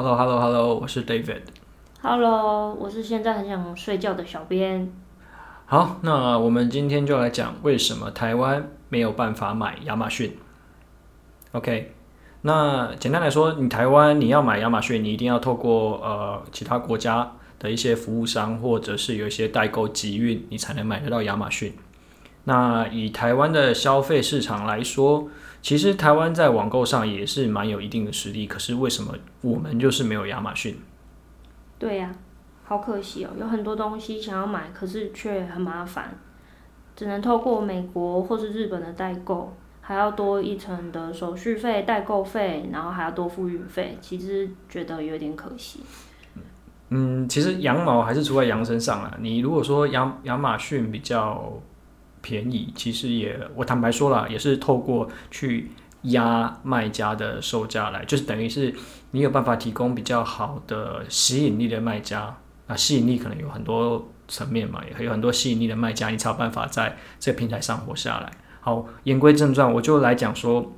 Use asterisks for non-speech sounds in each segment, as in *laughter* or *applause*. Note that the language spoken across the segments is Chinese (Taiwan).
Hello，Hello，Hello，hello, hello, 我是 David。Hello，我是現在很想睡覺的小編。好，那我們今天就來講為什麼台灣沒有辦法買亞馬遜。OK，那簡單來說，你台灣你要買亞馬遜，你一定要透過呃其他國家的一些服務商，或者是有一些代購集運，你才能買得到亞馬遜。那以台灣的消費市場來說，其實台灣在網購上也是蠻有一定的實力，可是為什麼我們就是沒有亞馬遜？對呀、啊，好可惜哦，有很多東西想要買，可是卻很麻煩，只能透過美國或是日本的代購，還要多一層的手續費、代購費，然後還要多付運費，其實覺得有點可惜。嗯，其實羊毛還是出在羊身上啦。嗯、你如果說羊亞馬遜比較便宜其實也，我坦白說了，也是透過去壓賣家的售價來，就是等於是你有辦法提供比較好的吸引力的賣家，啊，吸引力可能有很多層面嘛，也有很多吸引力的賣家，你才有辦法在這個平台上活下來。好，言歸正傳，我就來講說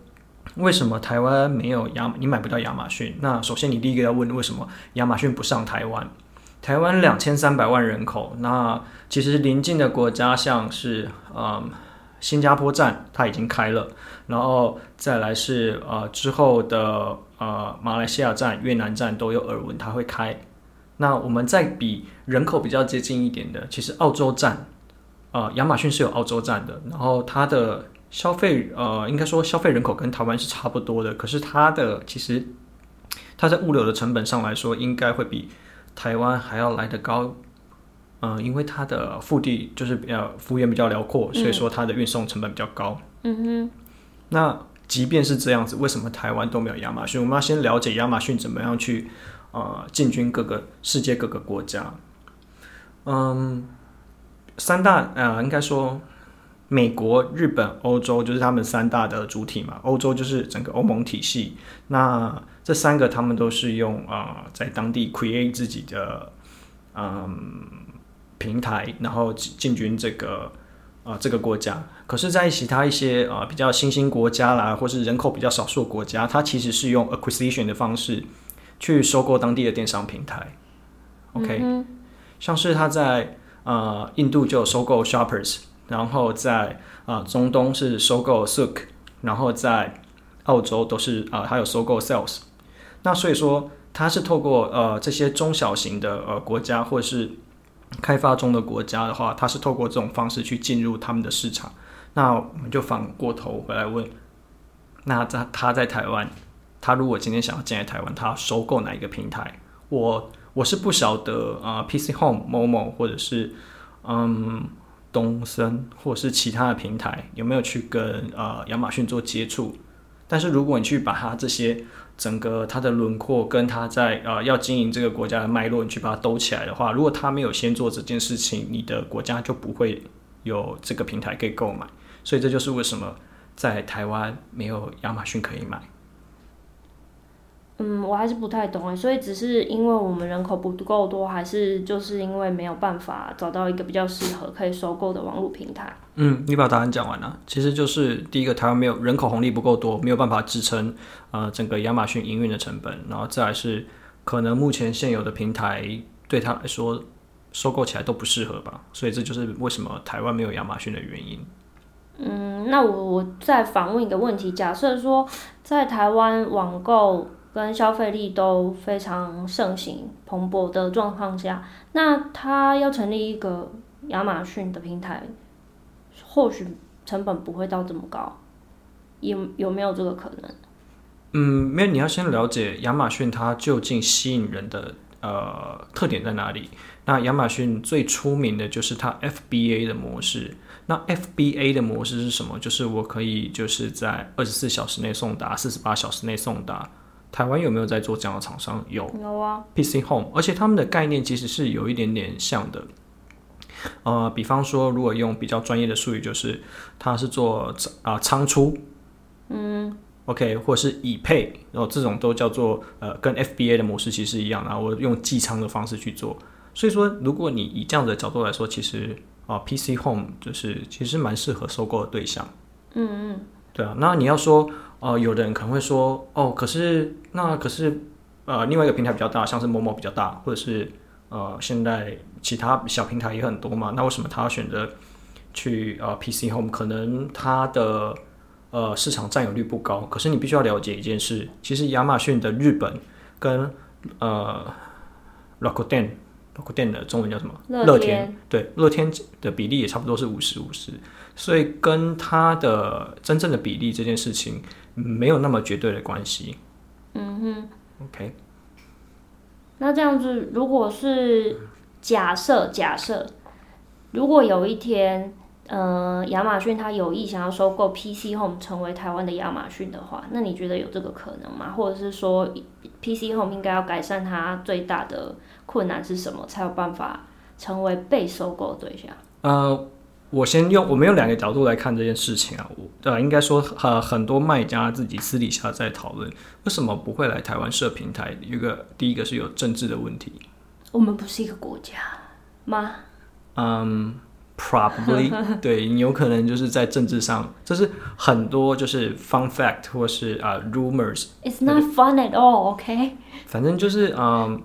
為什麼台灣沒有亞，你買不到亞馬遜。那首先你第一個要問為什麼亞馬遜不上台灣？台灣兩千三百萬人口，那其實鄰近的國家像是嗯新加坡站，它已經開了，然後再來是呃之後的呃馬來西亞站、越南站都有耳聞它會開。那我們再比人口比較接近一點的，其實澳洲站，呃亞馬遜是有澳洲站的，然後它的消費呃應該說消費人口跟台灣是差不多的，可是它的其實它在物流的成本上來說，應該會比。台灣還要來得高，嗯、呃，因為它的腹地就是比較、呃、幅員比較遼闊，所以說它的運送成本比較高。嗯哼，那即便是這樣子，為什麼台灣都沒有亞馬遜？我們要先了解亞馬遜怎麼樣去，呃，進軍各個世界各個國家。嗯，三大啊、呃，應該說。美國、日本、歐洲就是他們三大的主體嘛。歐洲就是整個歐盟體系。那這三個他們都是用啊、呃，在當地 create 自己的嗯、呃、平台，然後進進軍這個啊、呃、這個國家。可是，在其他一些啊、呃、比較新興國家啦，或是人口比較少數國家，它其實是用 acquisition 的方式去收購當地的電商平台。OK，、嗯、像是他在啊、呃、印度就有收購 Shoppers。然後在啊、呃、中東是收購 Souq，然後在澳洲都是啊還、呃、有收購 Sales，那所以說它是透過呃這些中小型的呃國家或者是開發中的國家的話，它是透過這種方式去進入他們的市場。那我們就反過頭回來問，那在他，他在台灣，他如果今天想要進來台灣，他收購哪一個平台？我我是不曉得啊、呃、PC Home Momo 或者是嗯。東森或是其他的平台有沒有去跟呃亞馬遜做接觸？但是如果你去把它這些整個它的輪廓跟它在呃要經營這個國家的脈絡，你去把它兜起來的話，如果它沒有先做這件事情，你的國家就不會有這個平台可以購買。所以這就是為什麼在台灣沒有亞馬遜可以買。嗯，我還是不太懂誒，所以只是因為我們人口不夠多，還是就是因為沒有辦法找到一個比較適合可以收購的網絡平台？嗯，你把答案講完了，其實就是第一個，台灣沒有人口紅利不夠多，沒有辦法支撐呃整個亞馬遜營運的成本，然後再來是可能目前現有的平台對他來說收購起來都不適合吧，所以這就是為什麼台灣沒有亞馬遜的原因。嗯，那我我再訪問一個問題，假設說在台灣網購。跟消費力都非常盛行蓬勃的狀況下，那他要成立一個亞馬遜的平台，或許成本不會到這麼高，有有沒有這個可能？嗯，沒有。你要先了解亞馬遜它究竟吸引人的呃特點在哪裡？那亞馬遜最出名的就是它 FBA 的模式。那 FBA 的模式是什麼？就是我可以就是在二十四小時內送達，四十八小時內送達。台灣有沒有在做這樣的廠商？有，有啊。PC Home，而且他們的概念其實是有一點點像的。呃，比方說，如果用比較專業的術語，就是它是做啊倉、呃、出，嗯，OK，或者是已配，然後這種都叫做呃跟 FBA 的模式其實一樣，然後我用寄倉的方式去做。所以說，如果你以這樣的角度來說，其實啊、呃、PC Home 就是其實蠻適合收購的對象。嗯嗯。對啊，那你要說。哦、呃，有的人可能會說，哦，可是那可是呃，另外一個平台比較大，像是 Momo 比較大，或者是呃，現在其他小平台也很多嘛。那為什麼他選擇去啊、呃、PC Home？可能他的呃市場佔有率不高。可是你必須要了解一件事，其實亞馬遜的日本跟呃 Rakuten Rakuten 的中文叫什麼？樂天，樂天，對，樂天的比例也差不多是五十五十，所以跟它的真正的比例這件事情沒有那麼絕對的關係，嗯哼，OK。那這樣子，如果是假設假設，如果有一天，呃，亞馬遜他有意想要收購 PC Home 成為台灣的亞馬遜的話，那你覺得有這個可能嗎？或者是說，PC Home 應該要改善它最大的困難是什麼，才有辦法成為被收購對象？呃，我先用我們用兩個角度來看這件事情啊。對，應該說，很多賣家自己私底下在討論，為什麼不會來台灣設平台？一個，第一個是有政治的問題。我們不是一個國家嗎？嗯、um,，probably， *laughs* 對你有可能就是在政治上，就是很多就是 fun fact 或是啊、uh, rumors。It's not fun at all, okay？反正就是嗯，um,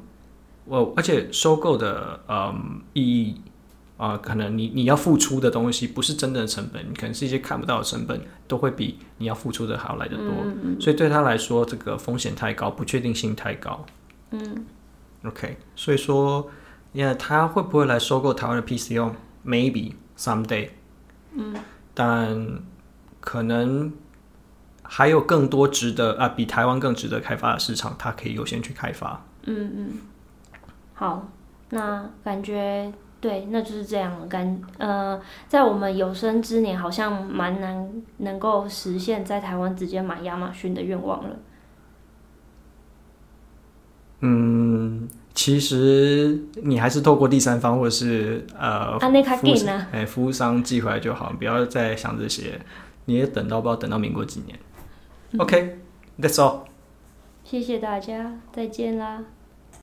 我而且收購的嗯、um, 意義。啊、呃，可能你你要付出的東西不是真正的成本，可能是一些看不到的成本，都會比你要付出的還要來得多嗯嗯。所以對他來說，這個風險太高，不確定性太高。嗯，OK，所以說，yeah, 他會不會來收購台灣的 PChome？Maybe someday。嗯，但可能還有更多值得啊，比台灣更值得開發的市場，他可以優先去開發。嗯嗯，好，那感覺。對，那就是這樣。感呃，在我們有生之年，好像蠻難能夠實現在台灣直接買亞馬遜的願望了。嗯，其實你還是透過第三方，或者是呃，啊，啊，服務商寄回來就好，不要再想這些。你也等到不知道等到民國幾年。嗯、OK，That's、okay, all。謝謝大家，再見啦。